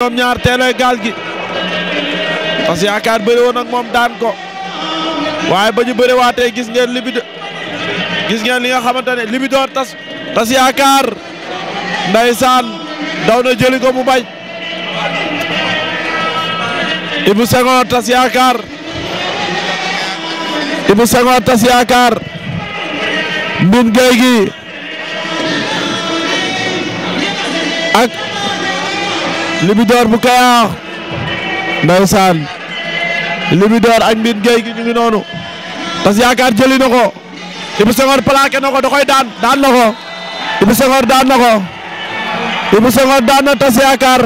ñoom ñaar teeloy gaal gi parce que yaakaar bëri woon moom daan ko waaye ba ñu gis ngeen libido gis ngeen li nga xamante ne libidoor tas tas yaakaar ndeysaan daw na jëli ko mu bañ Ibou Senghor tas yaakaar Ibou Senghor tas yaakaar mbin géy gi ak Libidor bu Kayaar ndeysaan Libidor ak Mbine Gueye gi ñu ngi noonu Tass Yakar jëli na ko Ibou Senghor plaqué ko da koy daan daan na ko daan na ko daan na Tass